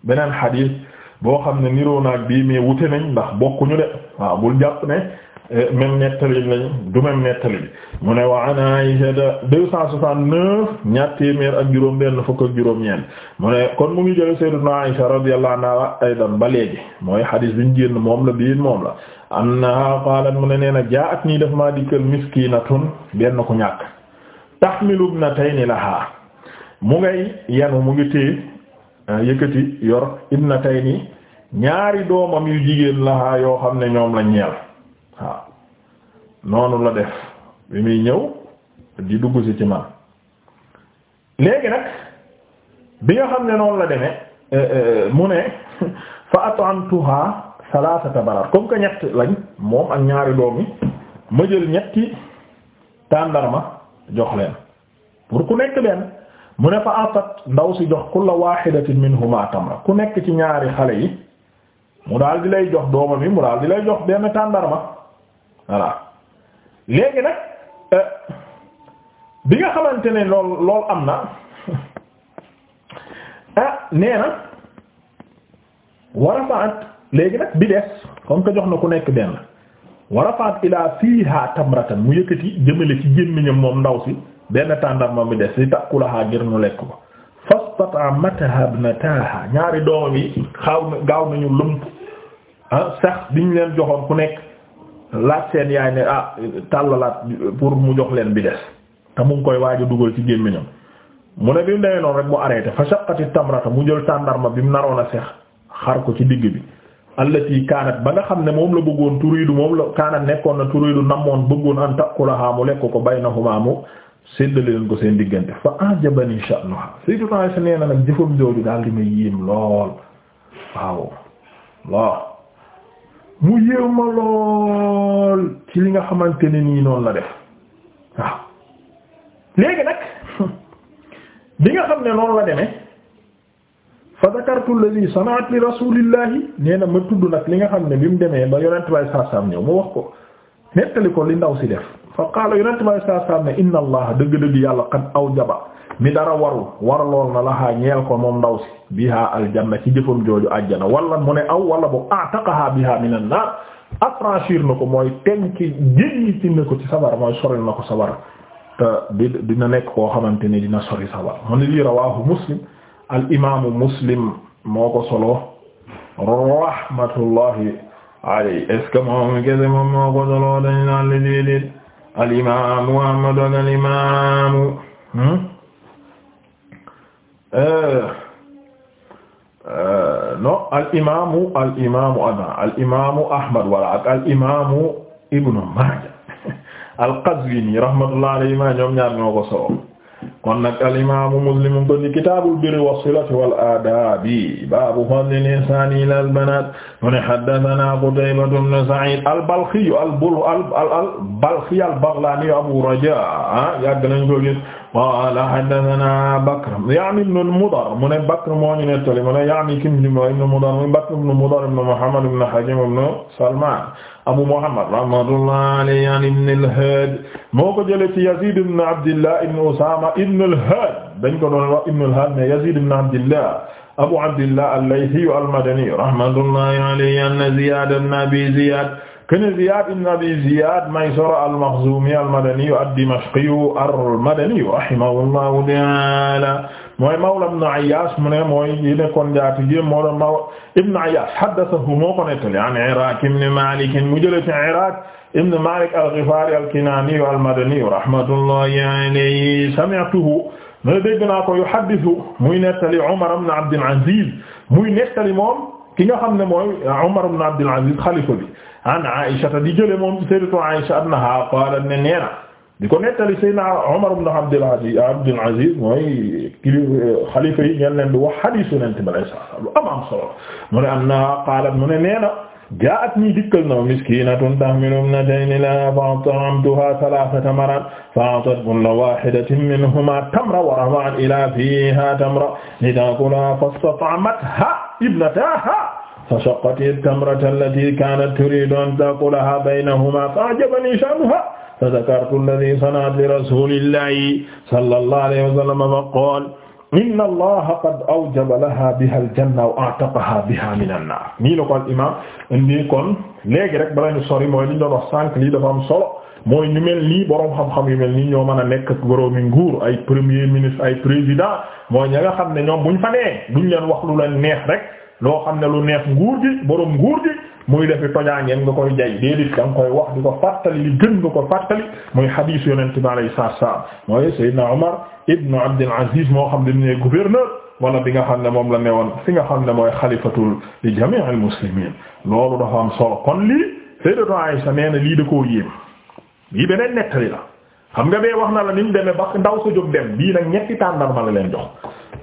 beneen xadis boo xam ne niroo naag bii mais wute nañ ndax bokkuñu de waaw bul jàpp ne Eh, même nettali lañ du même nettali mu ne wa an ak juróom benn fukk ak juróom ñeent mu ne kon mu ngi jële sayyiduna Aisha radiyallahu anha aydan ba léegi mooy xadiis bi ñu génn moom la bii moom la annaha qaalat mu ne nee na jaa'at nii daf maa dikkal miskinatun benn ku ñàkk tahmilu ibnatayni laha mu ngay yenu mu ngi téye eh, yëkkati yor ibnatayni ñaari doomam yu jigéen laha yoo xam ne ñoom la ñeel noonu la def bi muy ñëw di dugg si ci man léegi nag bi nga xam ne noonu la deme euh, euh, mu ne fa at'amtuha salasata barar comme que ñett lañ moom ak ñaari doom yi ma jël ñetti tàndarma jox leen pour ku nekk benn mu ne fa atat ndaw si jox kulla wahidatin minhuma tamra ku nekk ci ñaari xale yi mu daal di lay jox doomam yi mu daal di lay jox benn tàndarma voilà léegi nag euh, bi nga xamante ne lool lool am na ah nee na warafaat léegi nag bi des comme que jox na ku nekk benn warafaat ilaa fiiha tamratan mu yëkkati jëmale ci gémmiñam moom ndaw si benn moom bi des li takulaha ngir mu lekk ko fastatamataha ibnataha ñaari doomam yi xaaw na gaaw nañu lëmp ah sax biñ leen joxoon ku nekk laaj seen yaay ne ah tàllalaat pour mu jox leen bi des te mu ngi koy waaj a dugal ci gémmiñam mu ne bi mu demee rek mu arrêté fa shaqqati tamrata mu jël tàndarma bi mu naroon a seex xar ko ci digg bi allati kaanat ba nga xam ne moom la bëggoon turiidu moom la kaanat nekkoon na turiidu namoon bëggoon an takulaha lekk ko baynahuma mu séddale leen ko seen diggante fa ajabani sha'nuha sayyidu Aisha nee na nag jëfam jooju daal di may yéem lool waaw mu yéw ma lool ci li nga xamante ne nii noonu la def waaw léegi nag bi nga xam ne noonu la demee fa dakartu alladhi sana'at li rasulillahi nee na ma tudd nag li nga xam ne bi mu demee ba yonent bay saasaam ñëw mu wax ko nettali ko li ndaw si def fa qaala yonent bay saasaam ne inna allah dëgg-dëgg yàlla aw awjaba mi dara warul waralool na laxaa ñeel ko moom ndaw si biha aljanna ci jëfam jooju àjjana wala mu aw wala bu ataqaha biha minan nar affranchir na ko mooy tenki jéggi na ko ci sabar mooy soril na ko sabar te dina nekk koo xamante ni dina sori sabar mu ne lii rawahu muslim al imaamu muslim moo ko solo rahmatullahi alayhi est ce que moom moo ko solo dañ naan li déedéet al imaamu ahmad ak al imaamu hmm? Euh, euh, non al imaamu al imaamu ana al imaamu Ahmad wala ak al imaamu Ibnu Maaja al Qazwini rahmatullahi alayhi ma ñoom ñaar ñoo ko solo kon nag al imaamu Muslim ko ni kitaabul birri was-silati wal aadaabi baabu fadlil insaani ilal banaat mu ne haddathanaa Qutaybatu bnu Sa'iid al-Balkhi al-Balkhi al-Baghlaani Abu Rajaa ah, yàgg nañu ko gis qaala haddasanaa Bakr yaani ibnu Mudar mu ne Bakr moo ñu nettali mu ne yaani kim jumla ibnu Mudar mu Bakr ibnu Mudar ibnu Muhammad ibnu Hakim ibnu Salmaan Abu Muhammad rahmatullahi alayhi yaani ibnu al-Haad moo ko jëlee ci Yaziid ibnu Abdillah ibnu Usaama ibnu al-Haad dañ ko doon wax ibnu al-Haad mais Yaziid ibnu Abdillah Abu Abdillah al-Laythi al-Madani rahmatullahi alayhi anna Ziyaad ibnu Abi Ziyaad kene Ziyad ibn Abi Ziyad Maysara al-Makhzumi al-Madani ad-Dimashqi al-Madani rahimahullahu ta'ala mooy mawla Ibn Ayyash mu ne mooy yi nekkoon njaatige moo doon mawla Ibn Ayyash haddathahu moo ko nettali an Iraq ibn Malik mu jëlee ci Iraq ibn Malik al-Ghifari al-Kinani al-Madani rahmatullahi alayhi sami'tuhu ma dégg naa ko yuhaddithu muy nettali Umar ibn Abd al-Aziz muy nettali moom ki nga xam ne mooy Umar ibn Abdul Aziz xalifa bi an Aisha di jële moom sayyidatu Aisha annaha qaalat ne neena di ko nettali sayyidina Umar ibn Abdul Aziz Abdul Aziz mooy kii xalifa yi ngeen leen di wax hadiisu Yonent bi sallallahu alayhi wa sallam lu am am solo mu ne annaha qaalat mu ne neena jaat nii dikkal na miskinatun tahmilu ibnatayni laha fa'at'amtuha thalathata marat fa'atat kulla wahidatin minhuma tamra wa rafa'at ila fiha tamra litakulaha fastat'amatha ibnataha فشقت التمرة التي كانت تريد أن تأكلها بينهما فأعجبني شأنها فذكرت الذي صنعت لرسول الله صلى الله عليه وسلم فقال inna allaha qad awjaba laha biha aljanna wa a'taqaha bi min mi nar nii la ko al imam indi kon léegi rek bala ñu sori mooy li ñu doon wax sànq lii dafa am solo mooy ñu mel nii boroom xam-xam yu mel nii ñoo mën a nekk boroomi nguur ay premier ministre ay président mooy ña nga xam ne ñoom buñ fa nee duñ leen wax lu leen neex rek loo xam ne lu neex nguur gi boroom nguur gi muy defi tojaangeen nga koy jay déedéet da nga koy wax di ko fàttali li gën nga ko fàttali muy xadiis yonent bi alayhi saa salaam mooy Seydina Omar ibnu Abdul Aziz moo xam ne ne gouverneur wala bi nga xam ne moom la ne woon fi nga xam ne mooy xalifatu li jami'il muslimiin loolu dafa am solo kon lii Sayyidatu Aysa nee na lii da koo yéem lii beneen nettali la xam nga bee wax na la ni mu demee ba ndaw sa jóg dem bii nag ñetti tàndarma la leen jox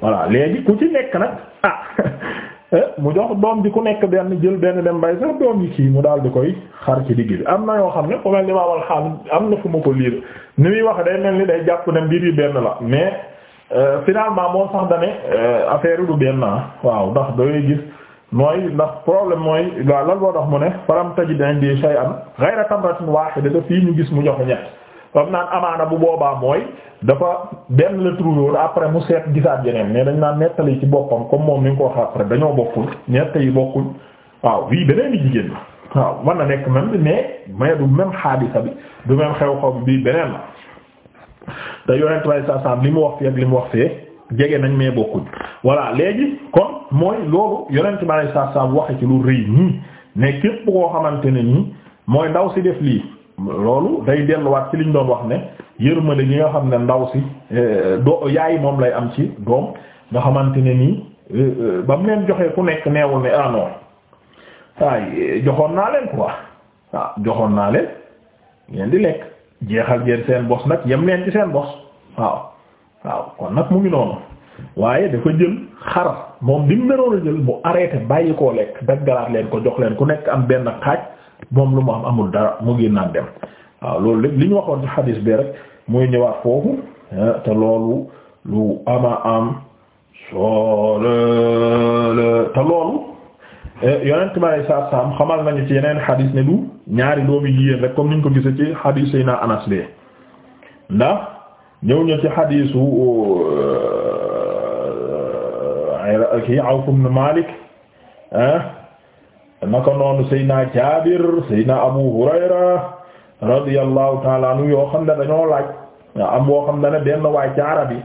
voilà léegi ku ci nekk nag ah Eh, mu jox doom bi ku nekk benn jël benn dem bay sax doom yi kii mu daal di koy xar ci digg bi am na yoo xam ne ku mel ni maamal xaal am fu ma ko liir ni muy wax day mel ni day jàpp ne mbir yi benn la mais euh, finalement moom sax dane euh, affaire yi du benn ah. waaw ndax dooy gis mooy ndax problème mooy waaw lan boo tax mu ne faram tajid indi shay'an ghayra tamratin wahida fii ñu gis mu joxe ñett fam naan amaana bu boobaa mooy dafa benn la trouvé woon après mu seet gisaat yeneen mais dañ naa nettali ci boppam comme moom ni ñu ko wax après dañoo bokkul ñett yi bokkul waaw bii beneen bi jigéen la nekk même mais mais du même xaadisa bi du même xew-xew bi beneen la te yonent saa sasam li mu wax fi ak li mu wax fee jege nañ mais bokkuñ voilà léegi kon mooy loolu yonent bi alei sat salaam ci lu rëy nii ne képp koo xamante ne nii mooy ndaw si def lii loolu day delluwaat ci liñ doon wax ne yërmande gi nga xam ne ndaw si eh, do yaay moom lay am ci doom nga xamante ne nii eh, eh, ba mu leen joxee ku nekk neewul ne ah waaye joxoon naa leen quoi waaw ah, joxoon naa leen ngeen di lekk jeexal ngeen seen bos nag yem leen ci seen bos waaw waaw kon nag mu ngi noonu waaye dafa jël xar moom bi mu mënoon a jël mu arrêté bàyyi koo lekk daggalaat leen ko jox leen ku nekk am benn xaaj. moom lu mu am amul dara mu génnaat dem waaw loolu lépp li ñu waxoon ci xadiis bi rek mooy ñëwaat foofu ah, te loolu lu ama am te loolu eh, yonent bi alayhi salaatu xamal nañu ci yeneen xadiis ne du ñaari doomi jigéen rek comme niñ ko gisee ci xadiis Seydina Anas bi ndax ñëw ñu ci xadiisu eh, kii Awf ibn Maalik ah, naka noonu Seydina Jaabir Seydina Abu Hurayra radiyallahu taala yoo xam ne dañoo laaj am boo xam ne benn waay ci arab yi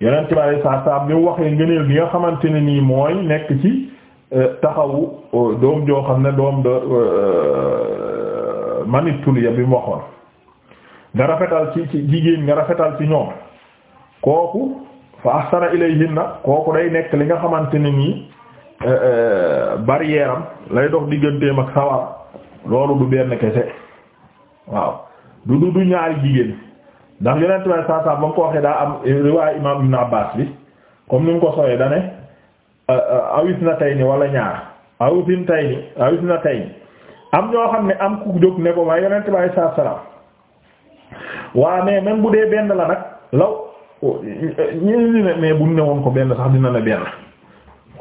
yeneen tubaab yi saa saa bi mu waxee ngëneel bi nga xamante ne nii mooy nekk ci euh, taxawu euh, doom joo xam ne doom de euh, manituliya bi mu waxoon nga rafetal ci ci jigéen nga rafetal ci ñoom kooku fa ahsana ilayhinna kooku day nekk li nga xamante ne nii. Eh, eh, barrière lay dox digganteem ak sawar loolu du benn kese waaw du du du ñaari jigéen ndax yonent way saa saa ba mu ko waxee daa am riwaay imaam Ibn Abbas bi comme ni mu ko soxee dane eh, awis na tey ni walla ñaar awisin tey ni am ñoo xam ne am ku jóg ne ko waaye yonent way saa salaam waa mais même bu dee benn la nag law ñu ne mais bu ñu ne woon ko benn sax dina ne benn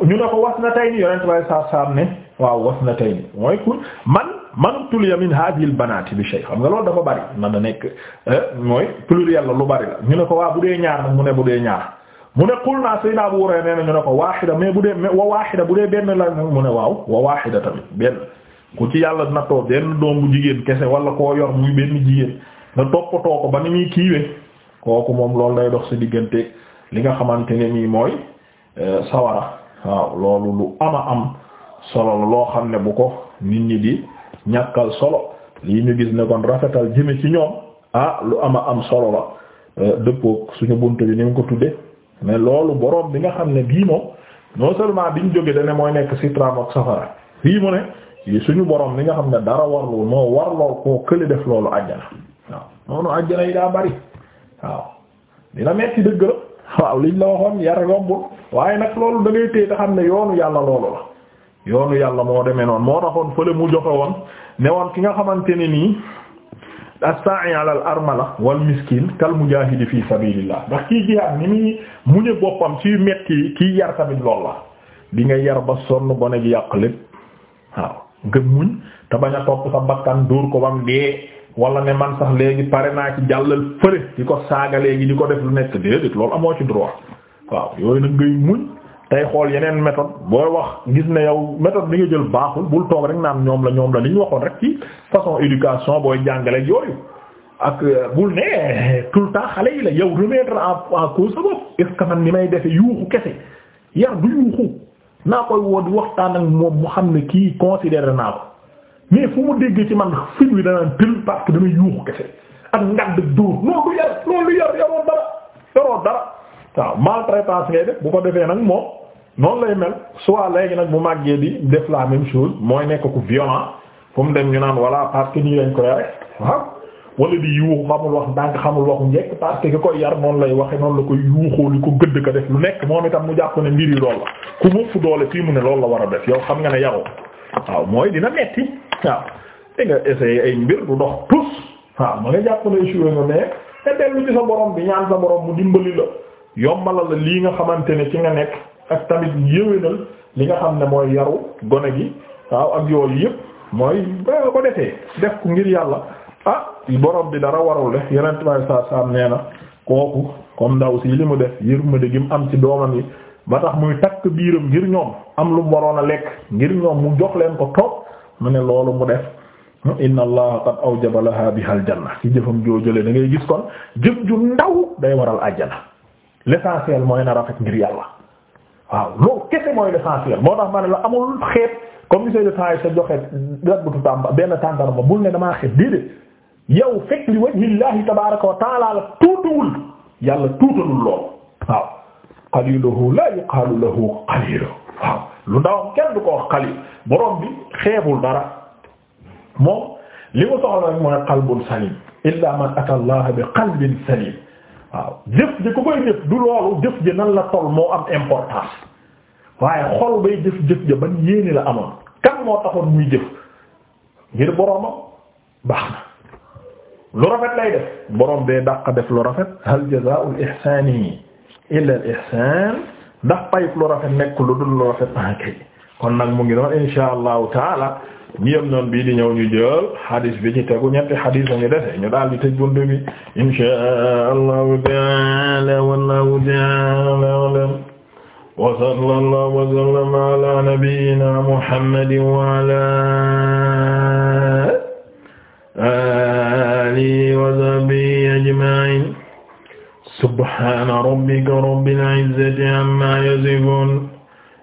ñu ne ko na wasnatayni yonent bay saa saam ne waaw wasnatayni mooy ku man man pluriel min hadhihi al banati bi shay xam nga loolu dafa bari man na nekk eh, mooy pluriel la lu bari la ñu ne ko waa bu dee ñaar nag mu ne bu dee ñaar mu ne naa sayna Abu Hurayra nee na ñu ne ko waaxida mais bu dee wa waaxida bu dee benn la nag mu ne waaw wa waaxida tamit benn ku ci yàlla nattoo benn doom bu jigéen kese wala koo yor muy benn jigéen nga toppatoo ko ba ni muy kiiwee kooku moom loolu lay dox ci diggante li nga xamante ne nii mooy eh, sawara waaw loolu lu ama am solo la loo xam ne bu ko nit ñi di ñàkkal solo lii ñu gis ne kon rafetal jëme ci ñoom ah lu ama am solo la euh, dëppook suñu bunt bi ni mu ko tudde mais loolu boroom bi nga xam ne bii moom non seulement biñ jóge dane mooy nekk sitram ak safara fii mu ne suñu boroom li nga xam ne dara warlul moo war lool koo kële def loolu àjjana waaw noonu àjjana yi daa bari waaw dina metti dëgg la waaw liñ la waxoon yar yombul waaye nag loolu da ngay téye te xam ne yoonu yàlla loolu la yoonu yàlla moo demee noonu moo taxoon fële mu joxe woon ne woon ki nga xamante ne nii as-sa'i ala al-armala wal miskin kal mujahidi fi sabilillah ndax kii jihaad ni muy muñe boppam si metti kii yar tamit lool la di nga yar ba sonn gone gi yàq lépp waaw nga muñ te bañ a topp sa bakkan dóor ko bam dee wala ne man sax léegi pare naa ci jàllal fële di ko saaga léegi di ko def lu nekk déedéet loolu amoo ci droit waaw yooyu nag ngay muñ tey xool yeneen méthode booy wax gis ne yow méthode bi nga jël baaxul bul toog rek naan ñoom la ñoom la li ñu waxoon rek ci façon éducation booy jàngale yooyu ak euh, bul ne tout le temps xale yi la yow remettre en cause sa bopp est-ce que man ni may defe yuuxu kese yar du yuuxu naa koy di waxtaan ak moom mu xam ne kii considéré naa ko mais fu mu dégg ci man film yi danaan tël parce que yuuxu kese ak ngadd dóor loolu yar loolu dara yaroo dara waaw maltraitance ngay def bu ko defee nag moom noonu lay mel soit léegi nag mu màggee di def la même chose mooy nekk ku violent fu mu dem ñu naan voilà parce que nii lañ koy rek waaw wala di yuuxu xamul wax ndànk xamul waxu njekk parce que ki koy yar noonu lay waxe noonu la koy yuuxoo li ko gëdd ko def lu nekk moom itam mu jàpp ne mbir yi loolu la ku mu fu doole fii mu ne loolu la war a def yow xam nga ne yaroo waaw mooy dina metti waaw di nga ay mbi du dox tous ne échoué nga mais te dellu mu dimbali yombalal la lii nga xamante ne ci nga nekk ak tamit yéwénal li nga xam ne mooy yaru gone gi waaw ak yooyu yëpp mooy ba ko defee def ko ngir yàlla ah borom bi dara warul de yeneen tubaab saa saa nee na kooku comme ndaw si li mu def yërmande gi mu am ci doomam yi ba tax muy takk biiram ngir ñoom am lu mu waroon a lekk ngir ñoom mu jox leen ko toog mu ne loolu mu def. inna allaha qad awjaba laha biha aljanna ci jëfam joojale da ngay gis kon jëf ju day waral àjjana l'essentiel mooy na rafet ngir yàlla waaw loolu mooy l'essentiel moo tax ma ne amul xeet comme monsieur le temps yi sa joxe rabatu tàmba benn tàndarma bul ne damaa xeet yow fekk li wajhillahi tabaraka wa yàlla lool waaw la yuqalu lahu qalilu waaw lu ndawam kenn du ko wax qalil borom bi xeebul dara moom li mu soxla rek mooy qalbun salim illa man ata allah bi qalbin salim waaw jëf ji ku koy jëf du loolu jëf ji nan la toll moo am importance waaye xol bay jëf jëf ja ban yéene la amoon kan moo taxoon muy jëf ngir boroomam baax na lu rafet lay def boroom bee dàq def lu rafet hal jazaa'ul ihsaani illa al ihsaan ndax payib lu rafet lu dul lu rafet en kay kon nag mu ngi noonu insha allahu taala ñi yem noonu bii di ñëw ñu jël hadis bi ci tegu ñetti hadis la ñu dese ñu daal di tëj buntu bi inshaa Allahu ta'ala wallahu ta'ala a'lam wa sallallahu wa sallama ala nabiyyina Muhammadin wa ala alihi wa sahbihi ajma'in subhana rabbika rabbil izzati amma yasifun